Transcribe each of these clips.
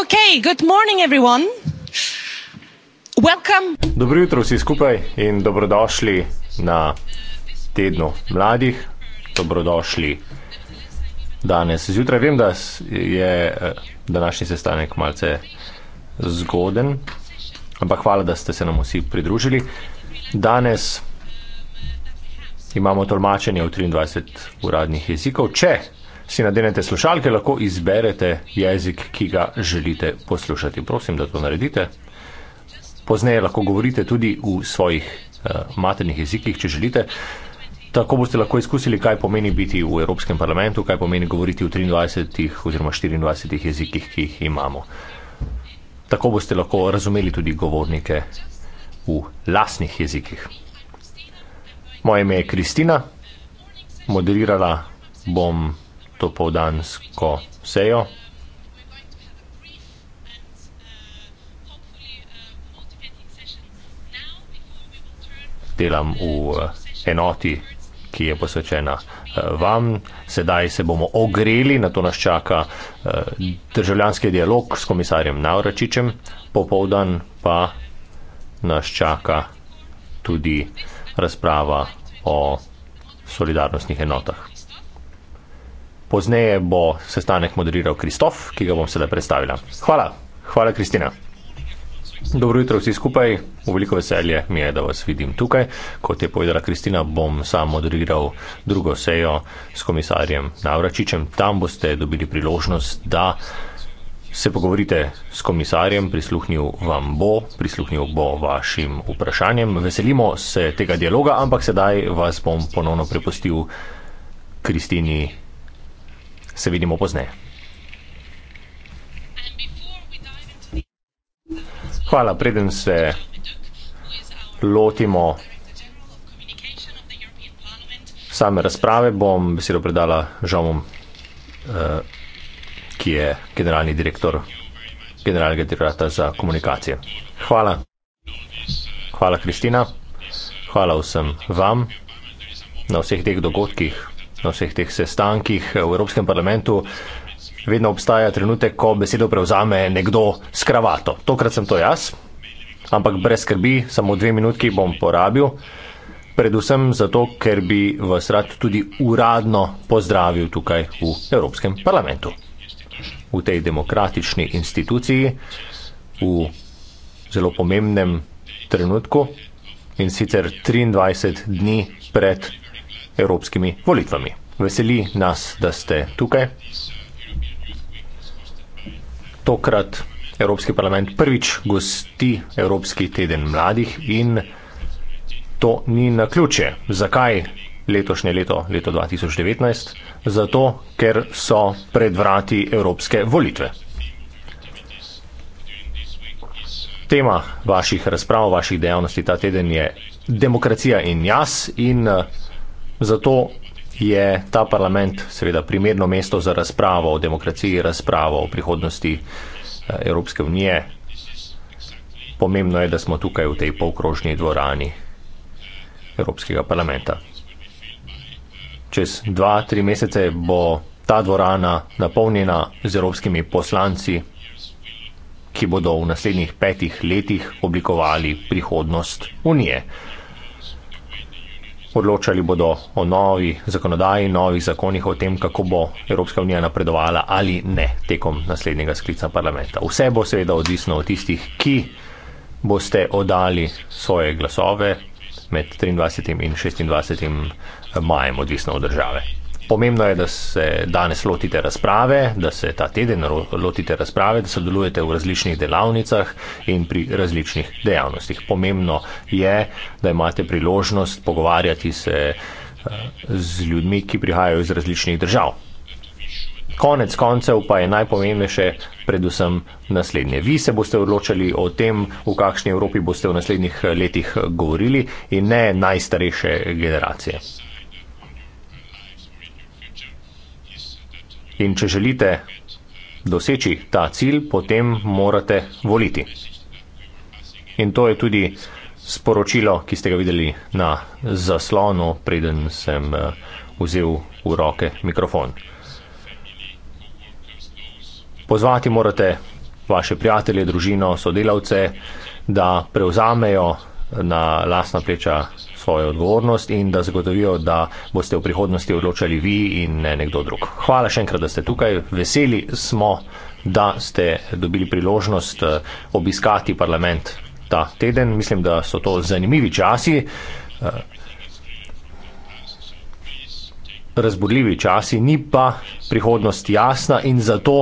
Okay, good morning, everyone. Welcome. Dobro jutro vsi skupaj in dobrodošli na tednu mladih. Dobrodošli danes zjutraj. Vem, da je eh, današnji sestanek malce zgoden, ampak hvala, da ste se nam vsi pridružili. Danes imamo tolmačenje v 23 uradnih jezikov. Če si nadenete slušalke, lahko izberete jezik, ki ga želite poslušati. Prosim, da to naredite. Pozneje lahko govorite tudi v svojih uh, maternih jezikih, če želite. Tako boste lahko izkusili, kaj pomeni biti v Evropskem parlamentu, kaj pomeni govoriti v 23 oziroma 24 jezikih, ki jih imamo. Tako boste lahko razumeli tudi govornike v lasnih jezikih. Moje ime je Kristina, moderirala bom to povdansko sejo. Delam v eh, enoti, ki je posvečena, eh, vam. Sedaj se bomo ogreli, nato nas čaka, eh, državljanski dialog s komisarjem Navračičem, popoldan pa nas čaka tudi, razprava o solidarnostnih enotah. Pozneje bo sestanek moderiral Kristof, ki ga bom sedaj predstavila. Hvala, hvala Kristina. Dobro jutro vsi skupaj, v veliko veselje mi je, da vas vidim tukaj. Kot je povedala Kristina, bom sam moderiral drugo sejo s komisarjem Navračičem. Tam boste dobili priložnost, da se pogovorite s komisarjem, prisluhnil vam bo, prisluhnil bo vašim vprašanjem. Veselimo se tega dialoga, ampak sedaj vas bom ponovno prepustil Kristini. Se vidimo pozneje. Hvala, preden se lotimo same razprave, bom besedo predala žalom. Uh, eh, ki je generalni direktor Generalnega direktorata za komunikacije. Hvala. Hvala, Kristina. Hvala vsem vam na vseh teh dogodkih, na vseh teh sestankih v Evropskem parlamentu. Vedno obstaja trenutek, ko besedo prevzame nekdo s kravato. Tokrat sem to jaz, ampak brez skrbi, samo dve minutki bom porabil. Predvsem zato, ker bi vas rad tudi uradno pozdravil tukaj v Evropskem parlamentu v tej demokratični instituciji v zelo pomembnem trenutku in sicer 23 dni pred evropskimi volitvami. Veseli nas, da ste tukaj. Tokrat Evropski parlament prvič gosti Evropski teden mladih in to ni na ključe. Zakaj letošnje leto, leto 2019? zato ker so pred vrati evropske volitve. Tema vaših razprav, vaših dejavnosti ta teden je demokracija in jaz in eh, zato je ta parlament seveda primerno mesto za razpravo o demokraciji, razpravo o prihodnosti eh, Evropske unije. Pomembno je, da smo tukaj v tej polkrožni dvorani Evropskega parlamenta čez dva, tri mesece bo ta dvorana napolnjena z evropskimi poslanci, ki bodo v naslednjih petih letih oblikovali prihodnost Unije. Odločali bodo o novi zakonodaji, novih zakonih, o tem, kako bo Evropska unija napredovala ali ne tekom naslednjega sklica parlamenta. Vse bo seveda odvisno od tistih, ki boste oddali svoje glasove med 23 in 26 majem, odvisno od države. Pomembno je, da se danes lotite razprave, da se ta teden lotite razprave, da sodelujete v različnih delavnicah in pri različnih dejavnostih. Pomembno je, da imate priložnost pogovarjati se eh, z ljudmi, ki prihajajo iz različnih držav. Konec koncev pa je najpomembnejše predvsem naslednje. Vi se boste odločali o tem, v kakšni Evropi boste v naslednjih letih govorili in ne najstarejše generacije. In če želite doseči ta cilj, potem morate voliti. In to je tudi sporočilo, ki ste ga videli na zaslonu, preden sem eh, vzel v roke mikrofon. Pozvati morate vaše prijatelje, družino, sodelavce, da prevzamejo na lasna pleča svojo odgovornost in da zagotovijo, da boste v prihodnosti odločali vi in ne nekdo drug. Hvala še enkrat, da ste tukaj. Veseli smo, da ste dobili priložnost eh, obiskati parlament ta teden. Mislim, da so to zanimivi časi. Eh, razburljivi časi, ni pa prihodnost jasna in zato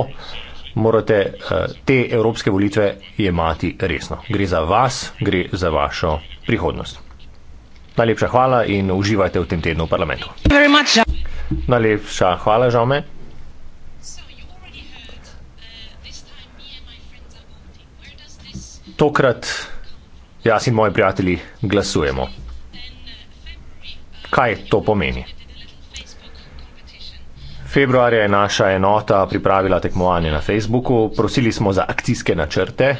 morate eh, te evropske volitve jemati resno. Gre za vas, gre za vašo prihodnost. Najlepša hvala in uživajte v tem tednu v parlamentu. Najlepša hvala, Žome. Tokrat jaz in moji prijatelji glasujemo. Kaj to pomeni? Februarja je naša enota pripravila tekmovanje na Facebooku, prosili smo za akcijske načrte,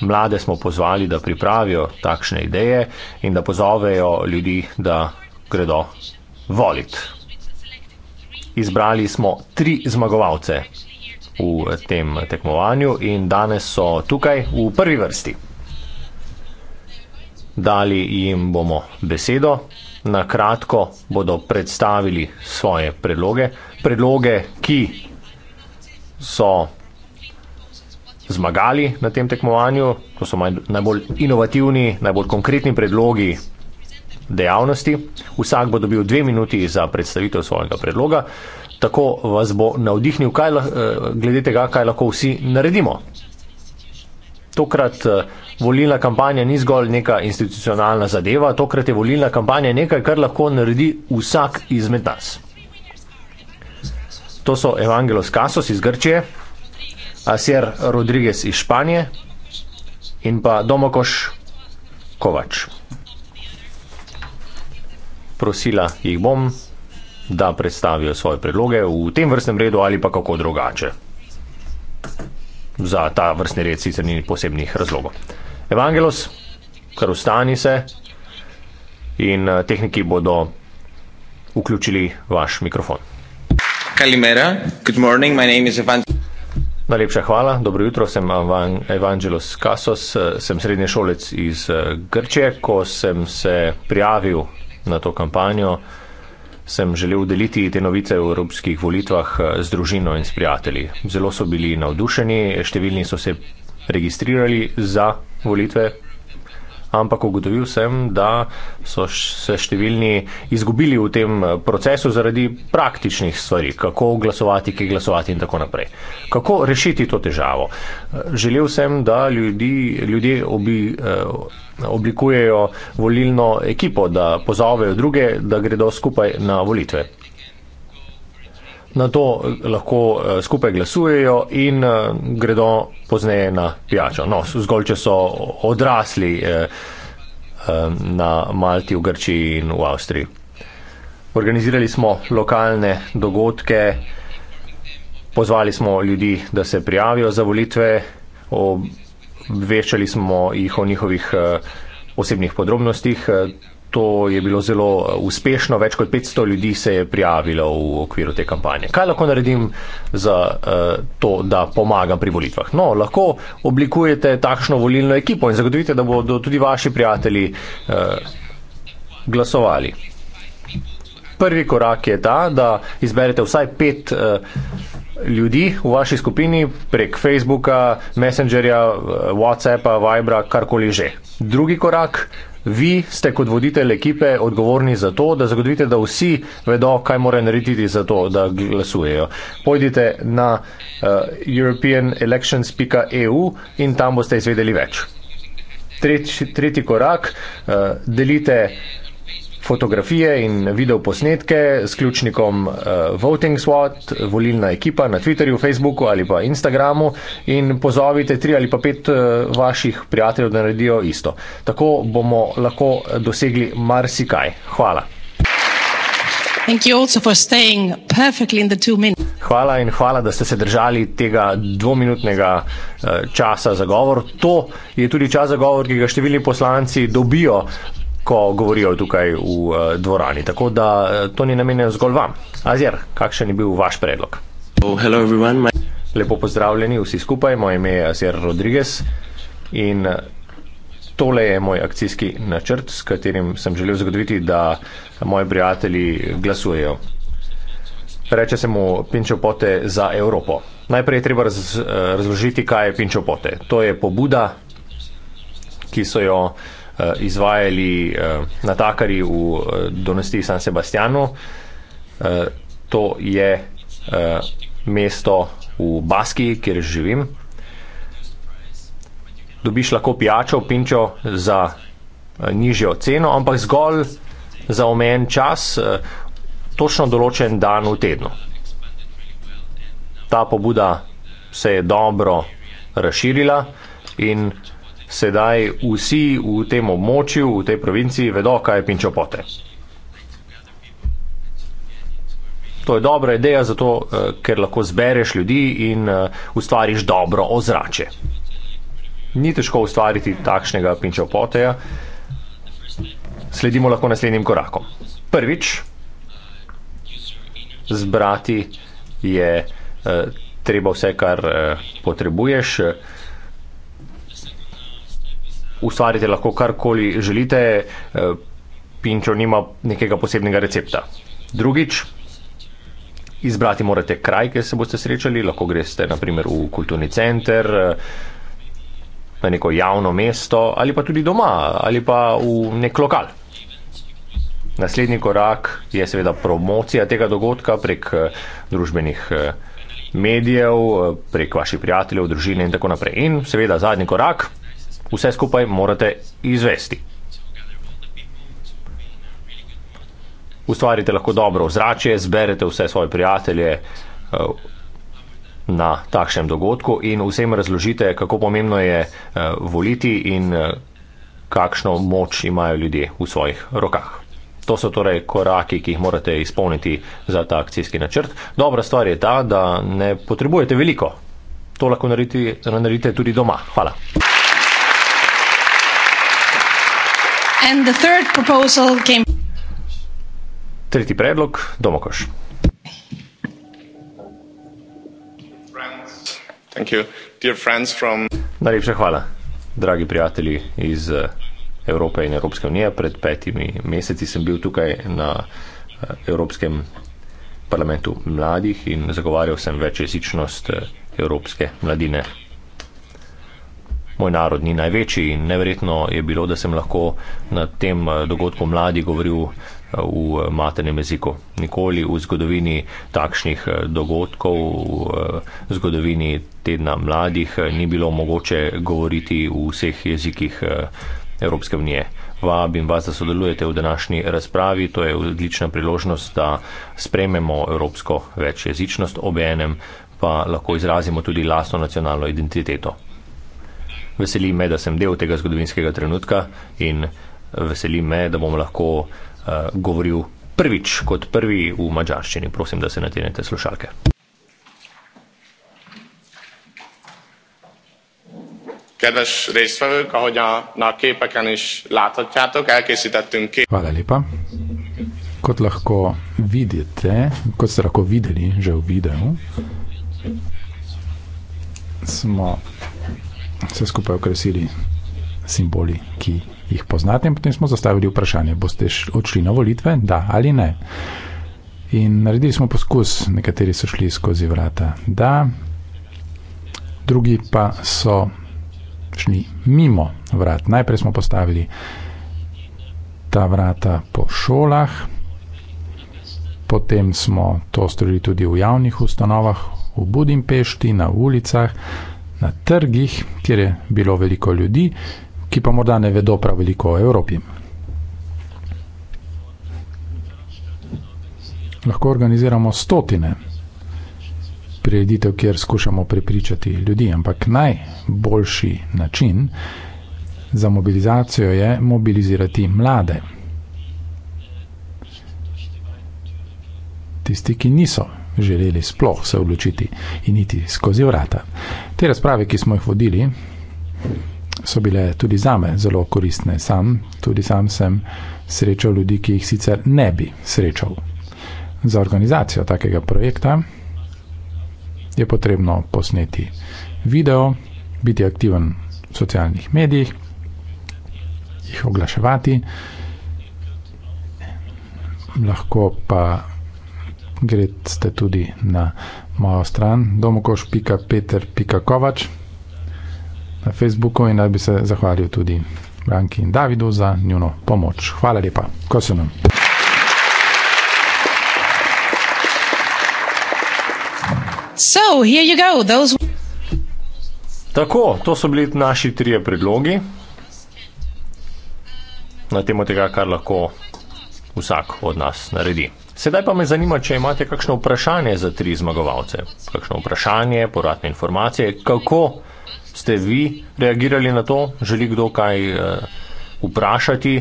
Mlade smo pozvali, da pripravijo takšne ideje in da pozovejo ljudi, da gredo volit. Izbrali smo tri zmagovalce v tem tekmovanju in danes so tukaj v prvi vrsti. Dali jim bomo besedo, na kratko bodo predstavili svoje predloge, predloge, ki so zmagali na tem tekmovanju. To so najbolj inovativni, najbolj konkretni predlogi dejavnosti. Vsak bo dobil dve minuti za predstavitev svojega predloga, tako vas bo navdihnil, kaj, eh, glede tega, kaj lahko vsi naredimo. Tokrat eh, volilna kampanja ni zgolj neka institucionalna zadeva, tokrat je volilna kampanja nekaj, kar lahko naredi vsak izmed nas. To so Evangelos Kasos iz Grčije, Asir Rodriguez iz Španije in pa Domokoš Kovač. Prosila jih bom, da predstavijo svoje predloge v tem vrstnem redu ali pa kako drugače. Za ta vrstni red sicer ni posebnih razlogov. Evangelos, kar ustani se in eh, tehniki bodo vključili vaš mikrofon. Kalimera, good morning, my name is Evangelos. Najlepša hvala, dobro jutro, sem Evangelos Kasos, eh, sem srednješolec iz eh, Grče. Ko sem se prijavil na to kampanjo, sem želel deliti te novice v evropskih volitvah eh, z družino in s prijatelji. Zelo so bili navdušeni, številni so se registrirali za volitve, ampak ugotovil sem, da so se številni izgubili v tem eh, procesu zaradi praktičnih stvari, kako glasovati, kje glasovati in tako naprej. Kako rešiti to težavo? Eh, želel sem, da ljudi, ljudje obi, eh, oblikujejo volilno ekipo, da pozovejo druge, da gredo skupaj na volitve na to eh, lahko eh, skupaj glasujejo in eh, gredo pozneje na pijačo. No, zgolj, če so odrasli na Malti, v Grčiji in v Avstriji. Organizirali smo lokalne dogodke, pozvali smo ljudi, da se prijavijo za volitve, obveščali smo jih o njihovih osebnih podrobnostih, to je bilo zelo uh, uspešno, več kot 500 ljudi se je prijavilo v okviru te kampanje. Kaj lahko naredim za uh, to, da pomagam pri volitvah? No, lahko oblikujete takšno volilno ekipo in zagotovite, da bodo tudi vaši prijatelji uh, glasovali. Prvi korak je ta, da izberete vsaj pet ljudi v vaši skupini prek Facebooka, Messengerja, eh, WhatsAppa, Vibra, karkoli že. Drugi korak. Vi ste kot voditelj ekipe odgovorni za to, da zagotovite, da vsi vedo, kaj morajo narediti za to, da glasujejo. Pojdite na uh, eh, europeanelections.eu in tam boste izvedeli več. Tretji, tretji korak, uh, delite fotografije in video posnetke s ključnikom uh, Voting Swat, volilna ekipa na Twitterju, Facebooku ali pa Instagramu in pozovite tri ali pa pet uh, vaših prijateljev, da naredijo isto. Tako bomo lahko dosegli marsikaj. Hvala. Hvala in hvala, da ste se držali tega dvominutnega eh, časa za govor. To je tudi čas za govor, ki ga številni poslanci dobijo ko govorijo tukaj v uh, dvorani. Tako da uh, to ni namenjeno zgolj vam. Azir, kakšen je bil vaš predlog? Oh, my... Lepo pozdravljeni vsi skupaj, moje ime je Azir Rodriguez in eh, tole je moj akcijski načrt, s katerim sem želel zagotoviti, da moji prijatelji glasujejo. Reče se mu pinčo pote za Evropo. Najprej je treba raz, razložiti, kaj je pinčo pote. To je pobuda, ki so jo Eh, izvajali uh, eh, natakari v uh, Donosti San Sebastianu. Uh, to je uh, mesto v Baski, kjer živim. Dobiš lahko pijačo, pinčo za uh, nižjo ceno, ampak zgolj za omejen čas, uh, točno določen dan v tednu. Ta pobuda se je dobro razširila in sedaj vsi v tem območju, v tej provinciji, vedo, kaj je pinčopote. To je dobra ideja, zato, eh, ker lahko zbereš ljudi in eh, ustvariš dobro ozrače. Ni težko ustvariti takšnega pinčopoteja. Sledimo lahko naslednjim korakom. Prvič, zbrati je eh, treba vse, kar potrebuješ ustvarite lahko karkoli želite, eh, pinčo nima nekega posebnega recepta. Drugič, izbrati morate kraj, kjer se boste srečali, lahko greste naprimer v kulturni center, eh, na neko javno mesto ali pa tudi doma ali pa v nek lokal. Naslednji korak je seveda promocija tega dogodka prek eh, družbenih medijev, prek vaših prijateljev, družine in tako naprej. In seveda zadnji korak vse skupaj morate izvesti. Ustvarite lahko dobro ozračje, zberete vse svoje prijatelje eh, na takšnem dogodku in vsem razložite, kako pomembno je eh, voliti in eh, kakšno moč imajo ljudje v svojih rokah. To so torej koraki, ki jih morate izpolniti za ta akcijski načrt. Dobra stvar je ta, da ne potrebujete veliko. To lahko naredite, naredite tudi doma. Hvala. Tretji predlog, domokoš. Najlepša hvala, dragi prijatelji iz eh, Evrope in Evropske unije. Pred petimi meseci sem bil tukaj na eh, Evropskem parlamentu mladih in zagovarjal sem večjezičnost eh, Evropske mladine moj narod ni največji in neverjetno je bilo, da sem lahko na tem eh, dogodku mladi govoril eh, v eh, maternem jeziku. Nikoli v zgodovini takšnih dogodkov, v zgodovini tedna mladih ni bilo mogoče govoriti v vseh jezikih Evropske unije. Vabim vas, da sodelujete v današnji razpravi. To je odlična priložnost, da sprememo evropsko večjezičnost, ob enem pa lahko izrazimo tudi lastno nacionalno identiteto. Veseli me, da sem del tega zgodovinskega trenutka in eh, veseli me, da bom lahko uh, govoril prvič kot prvi v mačarščini. Prosim, da se natenete slušalke. Kedves résztvevők, ahogy a, na a képeken is láthatjátok, elkészítettünk ki. Hvala lepa. Kot lahko vidite, kot ste lahko videli že v videu, smo vse skupaj okrasili simboli, ki jih poznate. In potem smo zastavili vprašanje, boste odšli na volitve, da ali ne. In naredili smo poskus, nekateri so šli skozi vrata, da, drugi pa so šli mimo vrat. Najprej smo postavili ta vrata po šolah, potem smo to storili tudi v javnih ustanovah, v Budimpešti, na ulicah, na trgih, kjer je bilo veliko ljudi, ki pa morda ne vedo prav veliko o Evropi. Lahko organiziramo stotine prireditev, kjer skušamo prepričati ljudi, ampak najboljši način za mobilizacijo je mobilizirati mlade. Tisti, ki niso želeli sploh se odločiti in iti skozi vrata. Te razprave, ki smo jih vodili, so bile tudi zame zelo koristne. Sam, tudi sam sem srečal ljudi, ki jih sicer ne bi srečal. Za organizacijo takega projekta je potrebno posneti video, biti aktiven v socialnih medijih, jih oglaševati, lahko pa greste tudi na mojo stran domokoš.peter.kovač na Facebooku in da bi se zahvalil tudi Branki in Davidu za njuno pomoč. Hvala lepa. Ko se nam. So, here you go, those... Tako, to so bili naši trije predlogi na temo tega, kar lahko vsak od nas naredi. Sedaj pa me zanima, če imate kakšno vprašanje za tri zmagovalce. Kakšno vprašanje, poratne informacije, kako ste vi reagirali na to, želi kdo kaj uh, vprašati,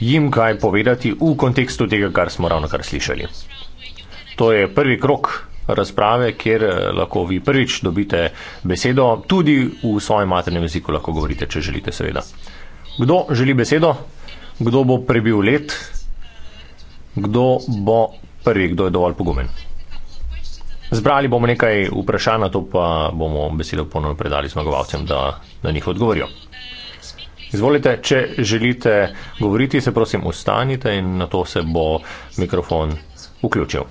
jim kaj povedati v kontekstu tega, kar smo ravno kar slišali. To je prvi krok razprave, kjer eh, lahko vi prvič dobite besedo, tudi v svojem maternem jeziku lahko govorite, če želite, seveda. Kdo želi besedo? Kdo bo prebil let? kdo bo prvi, kdo je dovolj pogumen. Zbrali bomo nekaj vprašanj, na to pa bomo besedo ponovno predali zmagovalcem, da na njih odgovorijo. Izvolite, če želite govoriti, se prosim ustanite in na to se bo mikrofon vključil.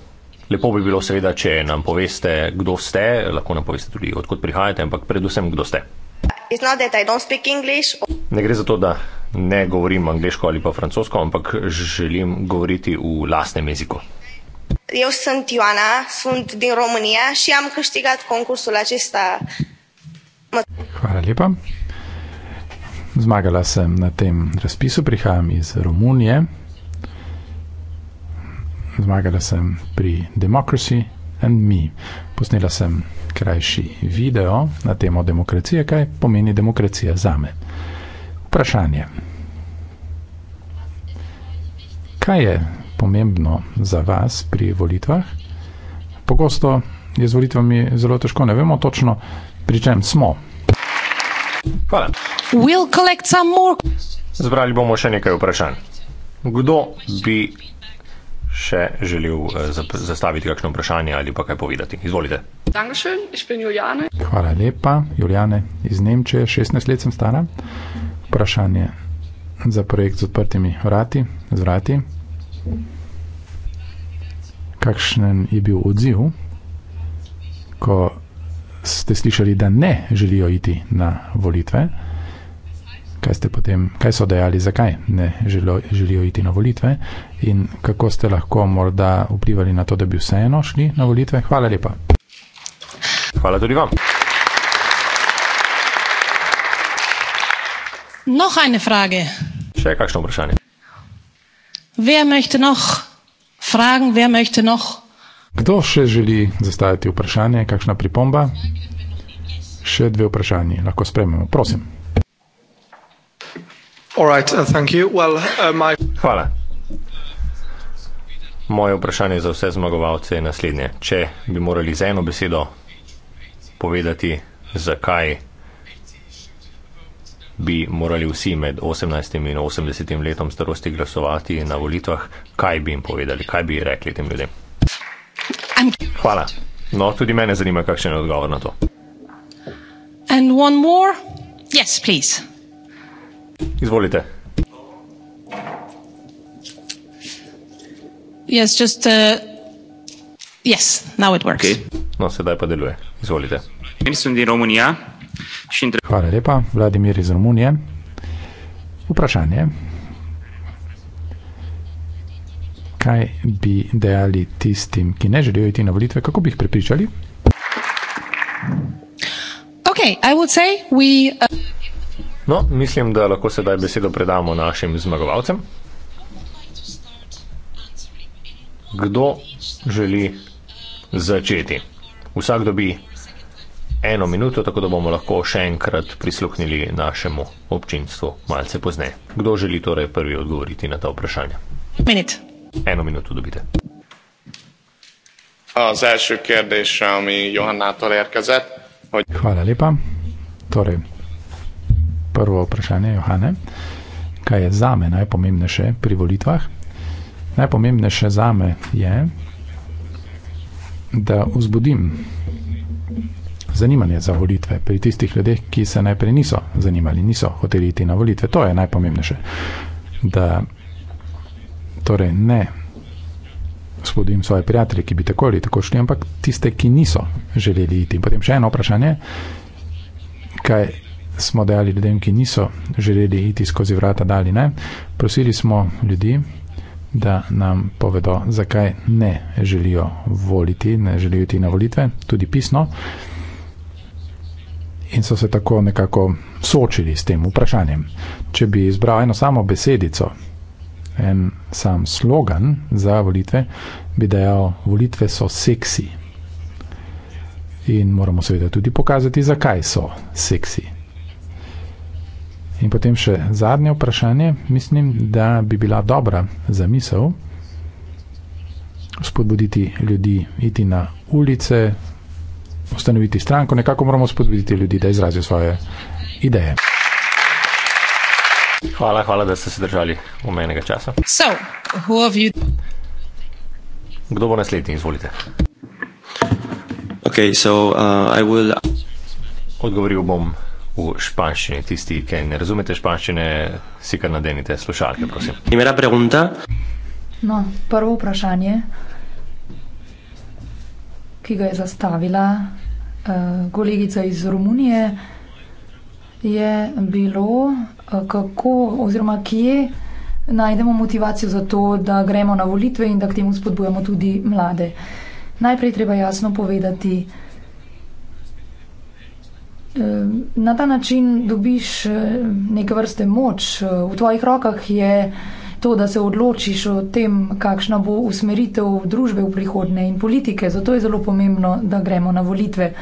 Lepo bi bilo seveda, če nam poveste, kdo ste, lahko nam poveste tudi, odkot prihajate, ampak predvsem, kdo ste. Ne gre za to, da ne govorim angliško ali pa francosko, ampak želim govoriti v lastnem jeziku. Jaz sem Tijuana, sem tudi iz Romunije, še imam kaštigat konkursu Lačista. Hvala lepa. Zmagala sem na tem razpisu, prihajam iz Romunije. Zmagala sem pri Democracy and Me. Posnela sem krajši video na temo demokracije, kaj pomeni demokracija za me. Vprašanje. Kaj je pomembno za vas pri volitvah? Pogosto je z volitvami zelo težko, ne vemo točno, pri čem smo. Hvala. We'll Zbrali bomo še nekaj vprašanj. Kdo bi še želel eh, zastaviti kakšno vprašanje ali pa kaj povedati? Izvolite. Hvala lepa, Juliane iz Nemčije, 16 let sem stara. Mm -hmm vprašanje za projekt z odprtimi vrati, z vrati. Kakšen je bil odziv, ko ste slišali, da ne želijo iti na volitve? Kaj, ste potem, kaj so dejali, zakaj ne želijo, želijo iti na volitve in kako ste lahko morda vplivali na to, da bi vseeno šli na volitve? Hvala lepa. Hvala tudi vam. Noch eine Frage. Še kakšno vprašanje? Wer möchte noch fragen, wer möchte noch? Kdo še želi zastaviti vprašanje, kakšna pripomba? Še dve vprašanje, lahko spremljamo, prosim. Right, uh, well, uh, my... Hvala. Moje vprašanje za vse zmagovalce je naslednje. Če bi morali z eno besedo povedati, zakaj bi morali vsi med 18 in 80 letom starosti glasovati na volitvah, kaj bi jim povedali, kaj bi rekli tem ljudem? Hvala. No, tudi mene zanima, kakšen je odgovor na to. In one more? Yes, please. Izvolite. Yes, just, uh, yes, now it works. Okay. No, sedaj pa deluje. Izvolite. Mislim, da je Romunija. Hvala lepa, Vladimir iz Romunije. Vprašanje. Kaj bi dejali tistim, ki ne želijo iti na volitve, kako bi jih prepričali? Okay, we, uh... no, mislim, da lahko sedaj besedo predamo našim zmagovalcem. Kdo želi začeti? Vsak dobi eno minuto, tako da bomo lahko še enkrat prisluhnili našemu občinstvu malce pozneje. Kdo želi torej prvi odgovoriti na ta vprašanja? Minut. Eno minuto dobite. Az első kérdés, ami Johannától érkezett. Hogy... Hvala lepa. Torej, prvo vprašanje, Johane. Kaj je zame najpomembnejše pri volitvah? Najpomembnejše zame je, da vzbudim zanimanje za volitve pri tistih ljudeh, ki se najprej niso zanimali, niso hoteli iti na volitve. To je najpomembnejše, da torej ne spodim svoje prijatelje, ki bi tako ali tako šli, ampak tiste, ki niso želeli iti. In potem še eno vprašanje, kaj smo dejali ljudem, ki niso želeli iti skozi vrata, da ali ne. Prosili smo ljudi, da nam povedo, zakaj ne želijo voliti, ne želijo iti na volitve, tudi pisno in so se tako nekako soočili s tem vprašanjem. Če bi izbral eno samo besedico, en sam slogan za volitve, bi dejal: Volitve so seksi. In moramo seveda tudi pokazati, zakaj so seksi. In potem še zadnje vprašanje, mislim, da bi bila dobra zamisel spodbuditi ljudi, iti na ulice, ustanoviti stranko, nekako moramo spodbuditi ljudi, da izrazijo svoje ideje. Hvala, hvala, da ste se držali omenjenega časa. So, you... Kdo bo naslednji? Izvolite. Okay, so, uh, will... Odgovoril bom v španščini. Tisti, ki ne razumete španščine, si kar nadenite slušalke, prosim. Imela pregunta? No, prvo vprašanje, ki ga je zastavila Eh, kolegica iz Romunije, je bilo, eh, kako oziroma kje najdemo motivacijo za to, da gremo na volitve in da k temu spodbujamo tudi mlade. Najprej treba jasno povedati, eh, na ta način dobiš neke vrste moč. V tvojih rokah je to, da se odločiš o tem, kakšna bo usmeritev družbe v prihodnje in politike. Zato je zelo pomembno, da gremo na volitve.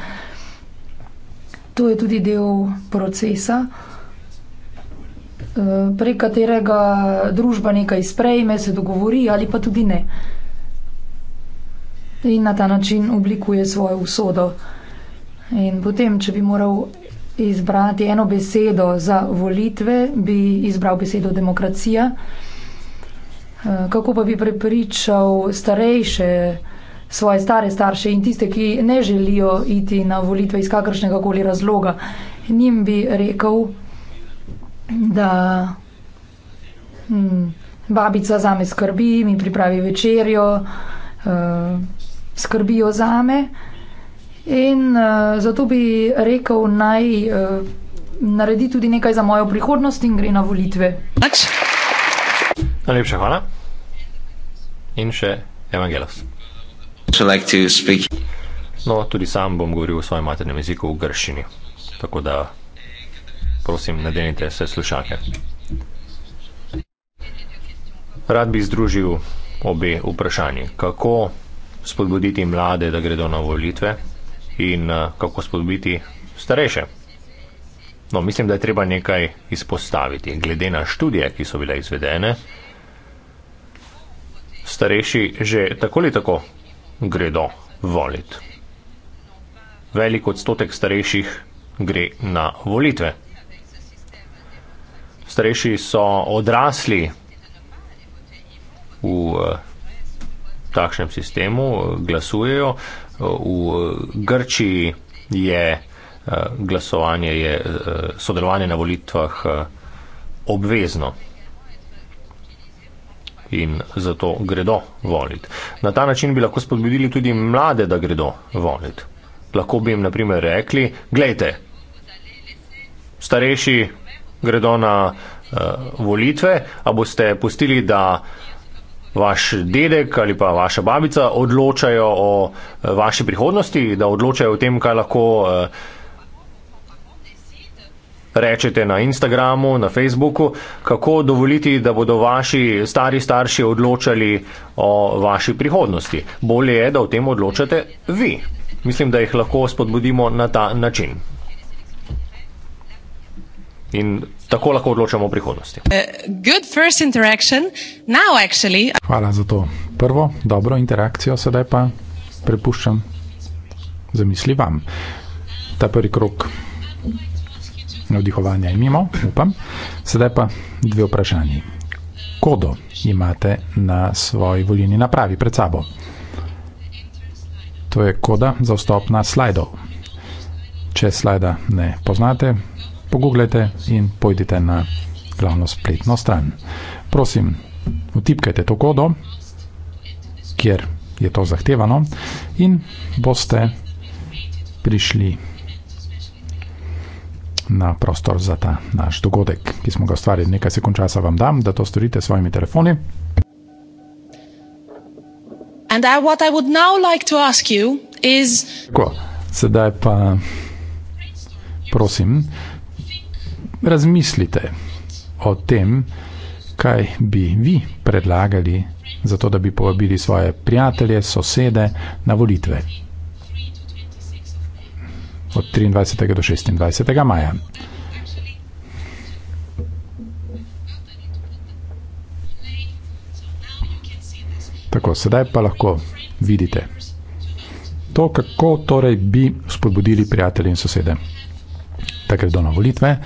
To je tudi del procesa, eh, prek katerega družba nekaj sprejme, se dogovori ali pa tudi ne. In na ta način oblikuje svojo usodo. In potem, če bi moral izbrati eno besedo za volitve, bi izbral besedo demokracija. Eh, kako pa bi prepričal starejše, svoje stare starše in tiste, ki ne želijo iti na volitve iz kakršnega koli razloga? Njim bi rekel, da hm, babica za me skrbi, mi pripravi večerjo, uh, skrbijo za me. In uh, zato bi rekel, naj uh, naredi tudi nekaj za mojo prihodnost in gre na volitve. Next. Najlepša hvala. In še Evangelos. No, tudi sam bom govoril v svojem maternem jeziku v grščini. Tako da, prosim, nadenite vse slušalke. Rad bi združil obe vprašanji. Kako spodbuditi mlade, da gredo na volitve in eh, kako spodbuditi starejše? No, mislim, da je treba nekaj izpostaviti. Glede na študije, ki so bile izvedene, starejši že tako ali tako gredo volit. Velik odstotek starejših gre na volitve. Starejši so odrasli v eh, takšnem sistemu, glasujejo. V eh, Grčiji je eh, glasovanje, je sodelovanje na volitvah obvezno in zato gredo volit. Na ta način bi lahko spodbudili tudi mlade, da gredo volit. Lahko bi jim naprimer rekli, gledajte, starejši gredo na uh, volitve, a boste pustili, da vaš dedek ali pa vaša babica odločajo o uh, vaši prihodnosti, da odločajo o tem, kaj lahko uh, rečete na Instagramu, na Facebooku, kako dovoliti, da bodo vaši stari starši odločali o vaši prihodnosti. Bolje je, da o tem odločate vi. Mislim, da jih lahko spodbudimo na ta način. In tako lahko odločamo o prihodnosti. Eh, Hvala za to prvo dobro interakcijo, sedaj pa prepuščam zamisli vam. Ta prvi krok navdihovanja je mimo, upam. Sedaj pa dve vprašanji. Kodo imate na svoji volilni napravi pred sabo? To je koda za vstop na slajdov. Če slajda ne poznate, pogooglejte in pojdite na glavno spletno stran. Prosim, vtipkajte to kodo, kjer je to zahtevano, in boste prišli na prostor za ta naš dogodek, ki smo ga ustvarili. Nekaj sekund časa vam dam, da to storite s svojimi telefoni. Like is... Sedaj pa prosim, razmislite o tem, kaj bi vi predlagali, zato da bi povabili svoje prijatelje, sosede na volitve od 23. do 26. maja. Tako, sedaj pa lahko vidite to, kako torej bi spodbudili prijatelje in sosede. Takrat do na volitve.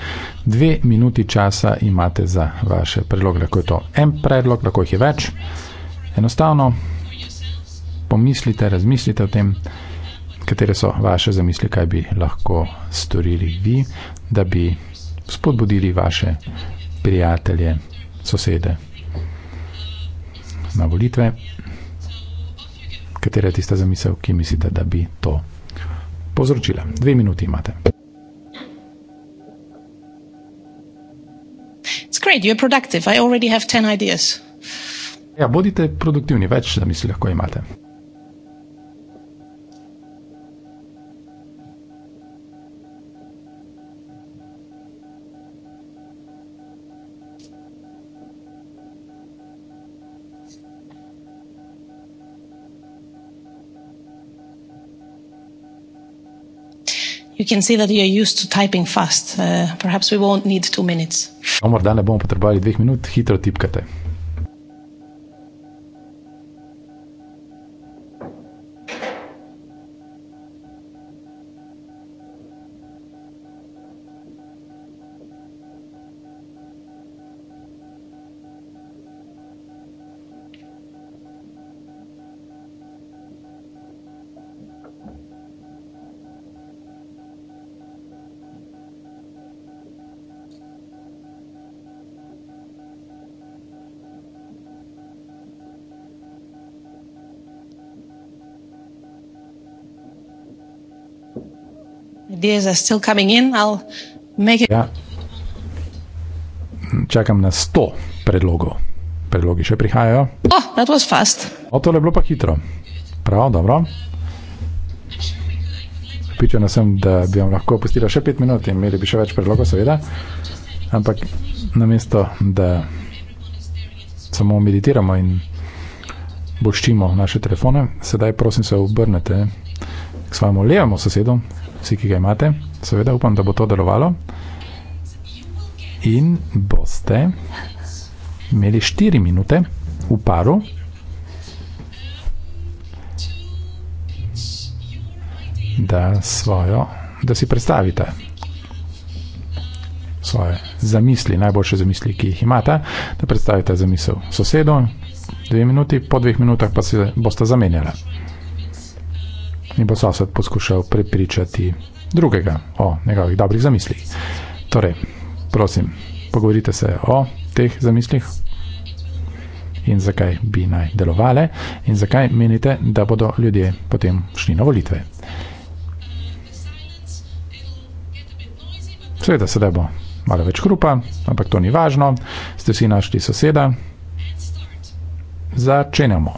Dve minuti časa imate za vaše predloge. Lahko je to en predlog, lahko jih je več. Enostavno pomislite, razmislite o tem. Katere so vaše zamisli, kaj bi lahko storili vi, da bi spodbudili vaše prijatelje, sosede na volitve? Katera je tista zamisel, ki mislite, da bi to povzročila? Dve minuti imate. Great, ja, bodite produktivni, več zamisli lahko imate. You can see that you are used to typing fast. Uh, perhaps we won't need two minutes. Omar, danes bomo potrebovali dveh minut, hitro tipkate. ideas are still coming in, I'll make it. Ja. Čakam na 100 predlogov. Predlogi še prihajajo. Oh, that was fast. O, to je bilo pa hitro. Prav, dobro. Pričana sem, da bi vam lahko opustila še 5 minut in imeli bi še več predlogov, seveda. Ampak namesto, da samo meditiramo in boščimo naše telefone, sedaj prosim se obrnete svojemu levemu sosedu, vsi, ki ga imate, seveda upam, da bo to delovalo. In boste imeli 4 minute v paru. Da, svojo, da si predstavite svoje zamisli, najboljše zamisli, ki jih imate, da predstavite zamisel sosedu, dve minuti, po dveh minutah pa se boste zamenjali in bo sosed poskušal prepričati drugega o njegovih dobrih zamislih. Torej, prosim, pogovorite se o teh zamislih in zakaj bi naj delovale in zakaj menite, da bodo ljudje potem šli na volitve. Seveda, sedaj bo malo več hrupa, ampak to ni važno. Ste si našli soseda? Začenjamo.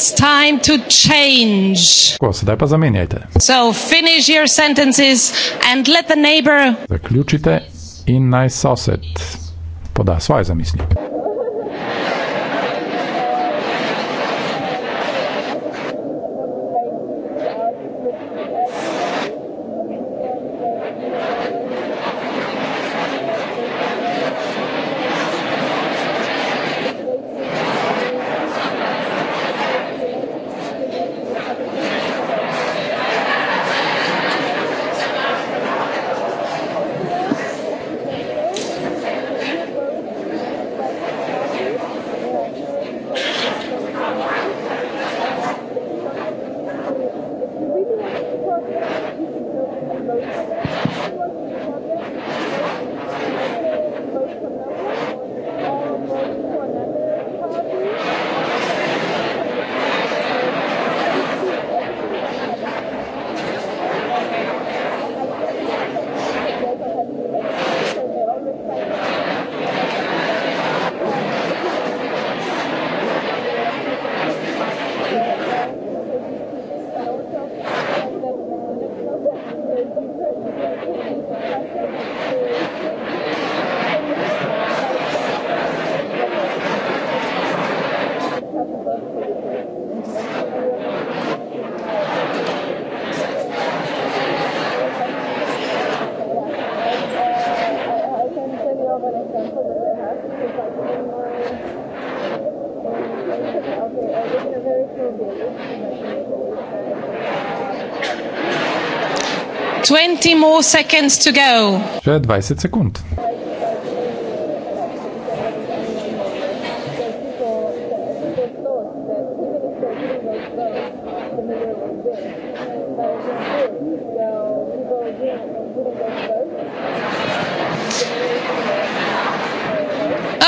it's time to change. Ko, sedaj pa zamenjajte. So finish your sentences and let the neighbor... Zaključite in naj sosed poda svoje zamisli. 20 more seconds to go. Še 20 sekund.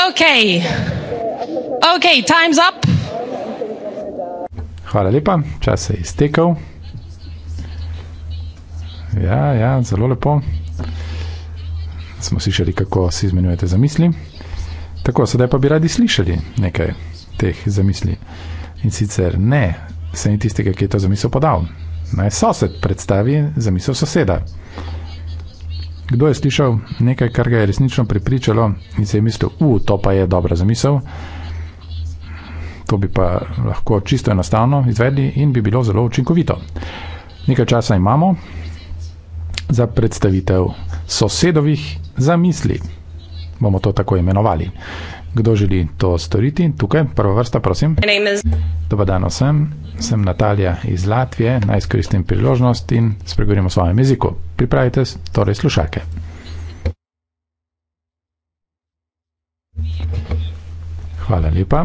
Okay. Okay, time's up. Hvala lepa, čas se je iztekel. Ja, ja, zelo lepo. Smo slišali, kako si izmenjujete zamisli. Tako, sedaj pa bi radi slišali nekaj teh zamisli. In sicer ne, se ni tistega, ki je to zamisel podal. Naj sosed predstavi zamisel soseda. Kdo je slišal nekaj, kar ga je resnično pripričalo in se je mislil, u, to pa je dobra zamisel. To bi pa lahko čisto enostavno izvedli in bi bilo zelo učinkovito. Nekaj časa imamo za predstavitev sosedovih zamisli. Bomo to tako imenovali. Kdo želi to storiti? Tukaj, prva vrsta, prosim. Dobro dan vsem, sem Natalija iz Latvije, naj izkoristim priložnost in spregovorim o svojem jeziku. Pripravite torej slušalke. Hvala lepa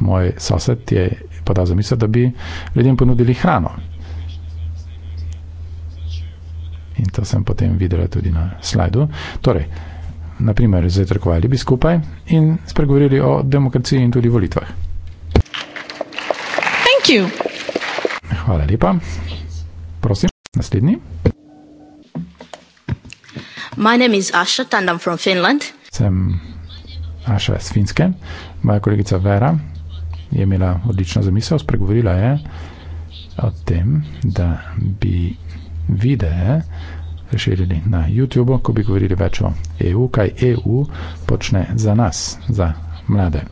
moj sosed je podal za misel, da bi ljudem ponudili hrano. In to sem potem videla tudi na slajdu. Torej, naprimer, zajtrkovali bi skupaj in spregovorili o demokraciji in tudi volitvah. Thank you. Hvala lepa. Prosim, naslednji. My name is Asha and I'm from Finland. Sem Asha iz Finske. Moja kolegica Vera je imela odlično zamisel, spregovorila je o tem, da bi videe širili na YouTube, ko bi govorili več o EU, kaj EU počne za nas, za mlade.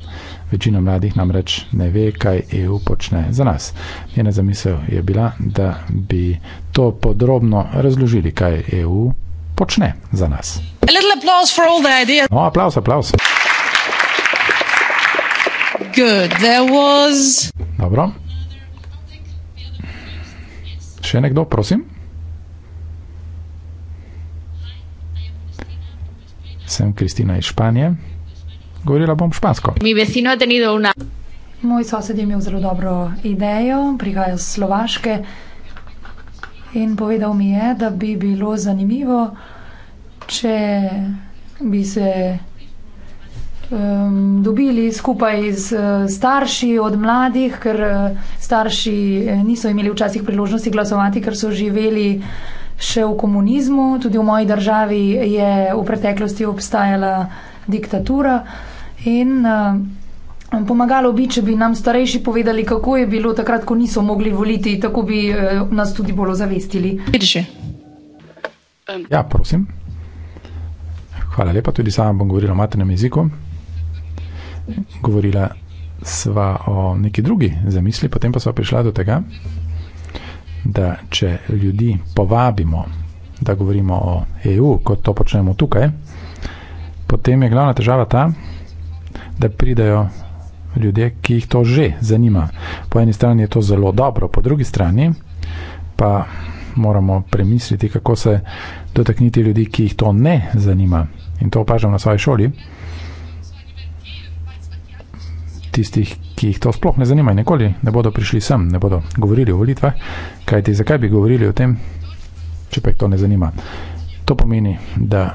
Večina mladih namreč ne ve, kaj EU počne za nas. Njena zamisel je bila, da bi to podrobno razložili, kaj EU počne za nas. A little applause for all the ideas. No, aplaus, aplaus good. There was. Dobro. Še nekdo, prosim? Sem Kristina iz Španije. Govorila bom špansko. Mi vecino je tenido una. Moj sosed je imel zelo dobro idejo, prihaja iz Slovaške in povedal mi je, da bi bilo zanimivo, če bi se um, dobili skupaj s eh, starši od mladih, ker eh, starši eh, niso imeli včasih priložnosti glasovati, ker so živeli še v komunizmu. Tudi v moji državi je v preteklosti obstajala diktatura. In, uh, Pomagalo bi, če bi nam starejši povedali, kako je bilo takrat, ko niso mogli voliti, tako bi nas tudi bolj zavestili. Ja, prosim. Hvala lepa, tudi sama bom govorila o maternem jeziku govorila sva o neki drugi zamisli, potem pa sva prišla do tega, da če ljudi povabimo, da govorimo o EU, kot to počnemo tukaj, potem je glavna težava ta, da pridajo ljudje, ki jih to že zanima. Po eni strani je to zelo dobro, po drugi strani pa moramo premisliti, kako se dotakniti ljudi, ki jih to ne zanima. In to opažam na svoji šoli, tistih, ki jih to sploh ne zanima, nikoli ne bodo prišli sem, ne bodo govorili o volitvah, kajti zakaj bi govorili o tem, če pa jih to ne zanima. To pomeni, da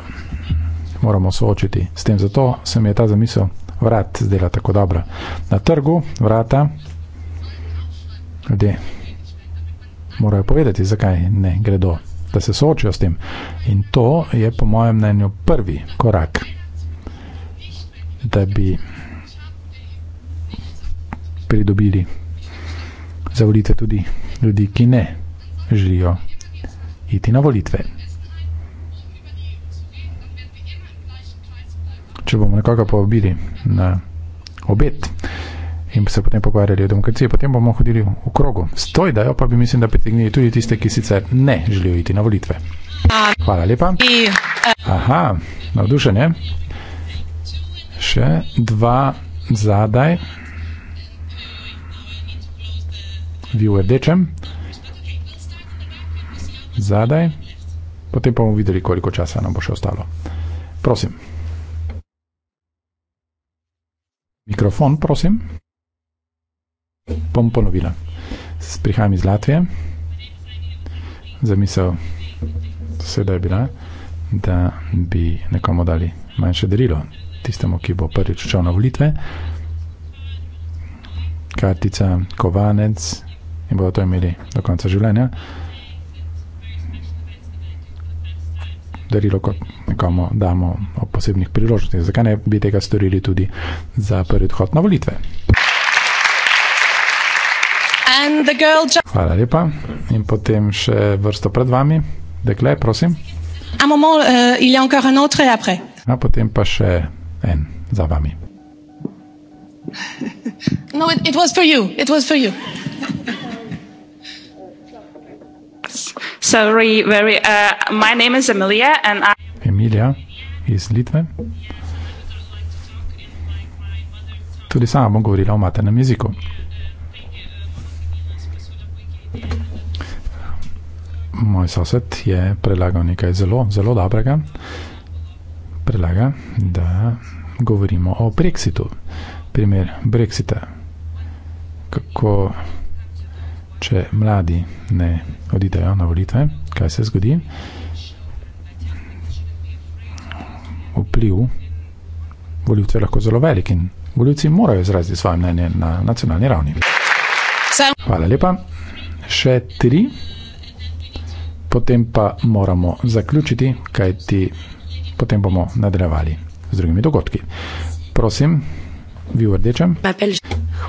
moramo soočiti s tem, zato se mi je ta zamisel vrat zdela tako dobra. Na trgu vrata ljudje morajo povedati, zakaj ne gredo, da se soočijo s tem. In to je po mojem mnenju prvi korak, da bi pridobili za volitve tudi ljudi, ki ne želijo iti na volitve. Če bomo nekoga povabili na obet in se potem pogovarjali o demokraciji, potem bomo hodili v krogu. Stoj dajo, pa bi mislim, da pritegnili tudi tiste, ki sicer ne želijo iti na volitve. Hvala lepa. Aha, navdušen je. Še dva zadaj vi v rdečem. Zadaj. Potem pa bomo videli, koliko časa nam bo še ostalo. Prosim. Mikrofon, prosim. Bom ponovila. Prihajam iz Latvije. Zamisel seveda je bila, da bi nekomu dali manjše darilo, tistemu, ki bo prvič učal na volitve. Kartica, kovanec, in bodo to imeli do konca življenja. Darilo, kot nekomu damo ob posebnih priložnostih. Zakaj ne bi tega storili tudi za prvi odhod na volitve? Hvala lepa. In potem še vrsto pred vami. Dekle, prosim. Euh, a no, potem pa še en za vami. No, it, it was for you. It was for you. Sorry, very, uh, my name is Emilia and I... Emilia iz Litve. Tudi sama bom govorila o maternem jeziku. Moj sosed je predlagal nekaj zelo, zelo dobrega. Predlaga, da govorimo o Brexitu. Primer Brexita. Kako če mladi ne odidejo na volitve, kaj se zgodi? Vpliv volitve lahko zelo velik in volivci morajo izraziti svoje mnenje na nacionalni ravni. Hvala lepa. Še tri. Potem pa moramo zaključiti, kaj ti potem bomo nadaljevali z drugimi dogodki. Prosim, vi v rdečem.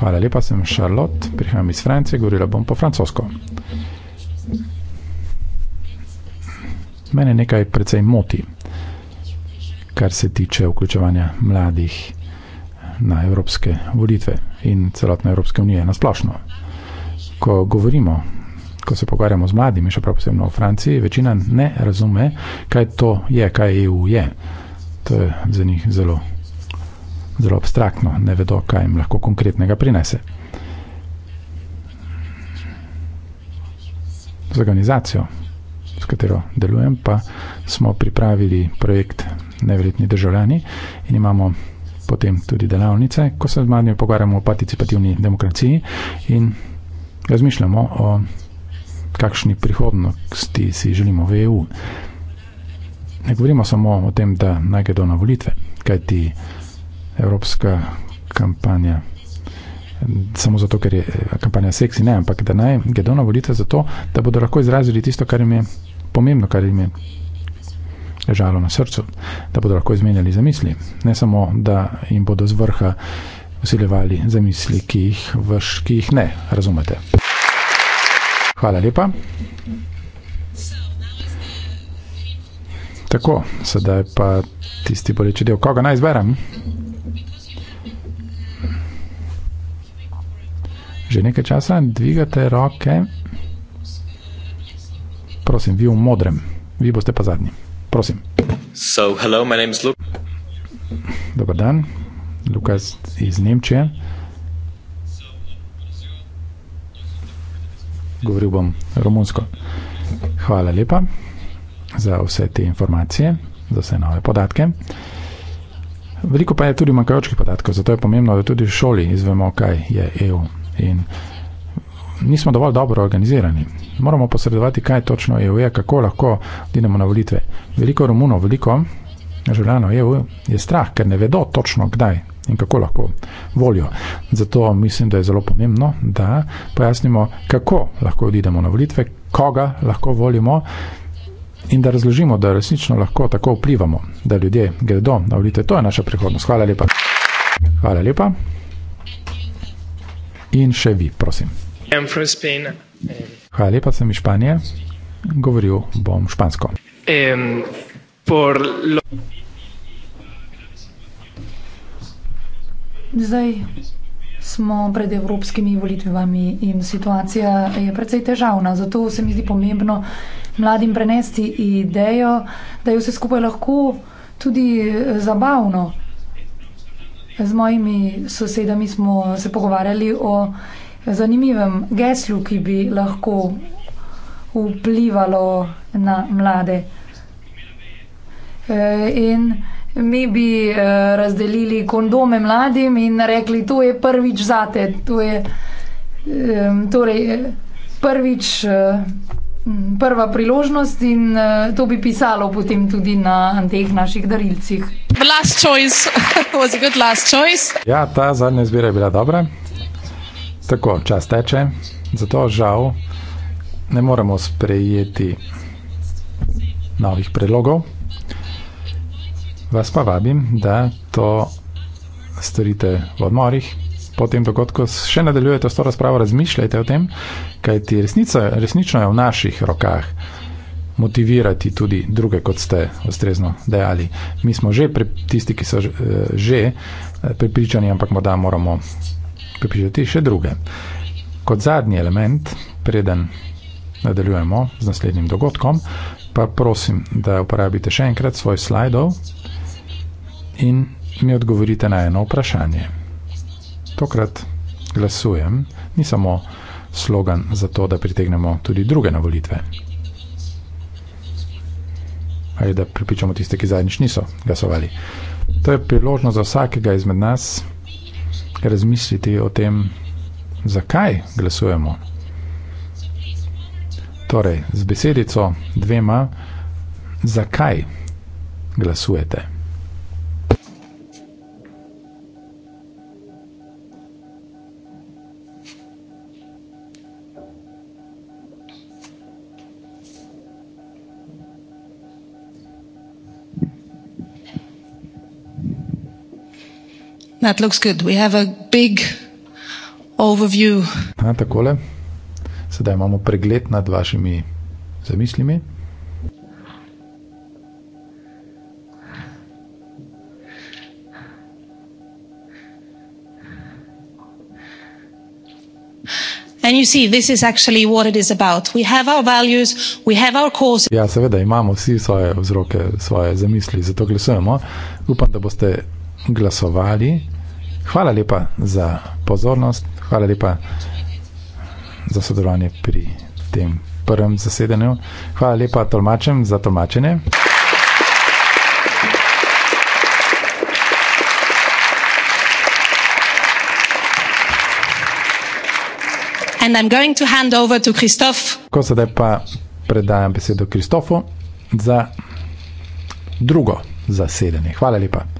Hvala lepa, sem Šarlot, prihajam iz Francije, govorila bom po francosko. Mene nekaj precej moti, kar se tiče vključevanja mladih na evropske volitve in celotne Evropske unije na splošno. Ko govorimo, ko se pogovarjamo z mladimi, še prav posebno v Franciji, večina ne razume, kaj to je, kaj EU je. To je za njih zelo zelo abstraktno, ne vedo, kaj jim lahko konkretnega prinese. Z organizacijo, s katero delujem, pa smo pripravili projekt Neverjetni državljani in imamo potem tudi delavnice, ko se z mladimi pogovarjamo o participativni demokraciji in razmišljamo o kakšni prihodnosti si želimo v EU. Ne govorimo samo o tem, da naj gredo na volitve, kajti evropska kampanja. Samo zato, ker je eh, kampanja seksi, ne, ampak da naj gredo na volitve zato, da bodo lahko izrazili tisto, kar jim je pomembno, kar jim je ležalo na srcu, da bodo lahko izmenjali zamisli. Ne samo, da jim bodo z vrha usiljevali zamisli, ki jih, vrš, ki jih ne razumete. Hvala lepa. Tako, sedaj pa tisti boleči del, koga naj izberem. že nekaj časa dvigate roke. Prosim, vi v modrem, vi boste pa zadnji. Prosim. So, hello, my name is Luke. Dobar dan, Lukas iz Nemčije. Govoril bom romunsko. Hvala lepa za vse te informacije, za vse nove podatke. Veliko pa je tudi manjkajočih podatkov, zato je pomembno, da tudi v šoli izvemo, kaj je EU. In nismo dovolj dobro organizirani. Moramo posredovati, kaj točno je v EU, kako lahko idemo na volitve. Veliko Romunov, veliko državljanov EU je strah, ker ne vedo točno, kdaj in kako lahko volijo. Zato mislim, da je zelo pomembno, da pojasnimo, kako lahko idemo na volitve, koga lahko volimo. In da razložimo, da resnično lahko tako vplivamo, da ljudje gredo na volitve. To je naša prihodnost. Hvala lepa. Hvala lepa in še vi, prosim. Eh, Hvala lepa, sem iz Španije. Govoril bom špansko. Um, por lo... Zdaj smo pred evropskimi volitvami in situacija je precej težavna. Zato se mi zdi pomembno mladim prenesti idejo, da je vse skupaj lahko tudi eh, zabavno. Z mojimi sosedami smo se pogovarjali o zanimivem geslu, ki bi lahko vplivalo na mlade. Eh, in mi bi eh, razdelili kondome mladim in rekli, to je prvič zate, to je torej, eh, prvič Mm, prva priložnost in uh, to bi pisalo potem tudi na teh naših darilcih. ja, ta zadnja izbira je bila dobra. Tako, čas teče, zato žal ne moremo sprejeti novih predlogov. Vas pa vabim, da to storite v odmorih po tem dogodku še nadaljujete s to razpravo, razmišljajte o tem, kaj ti resnico, resnično je v naših rokah motivirati tudi druge, kot ste ustrezno dejali. Mi smo že pri, tisti, ki so eh, že, že eh, pripričani, ampak morda moramo pripričati še druge. Kot zadnji element, preden nadaljujemo z naslednjim dogodkom, pa prosim, da uporabite še enkrat svoj slajdov in mi odgovorite na eno vprašanje tokrat glasujem, ni samo slogan za to, da pritegnemo tudi druge na volitve. Ali da pripičamo tiste, ki zadnjič niso glasovali. To je priložnost za vsakega izmed nas razmisliti o tem, zakaj glasujemo. Torej, z besedico dvema, zakaj glasujete. That looks good. We have a big overview. Ha, takole. Sedaj imamo pregled nad vašimi zamislimi. And you see, this is actually what it is about. We have our values, we have our causes. Ja, seveda, imamo vsi svoje vzroke, svoje zamisli, zato glasujemo. Upam, da boste glasovali. Hvala lepa za pozornost, hvala lepa za sodelovanje pri tem prvem zasedanju. Hvala lepa tolmačem za tolmačenje. And I'm going to hand over to Kristof. Ko sedaj pa predajam besedo Kristofu za drugo zasedanje. Hvala lepa.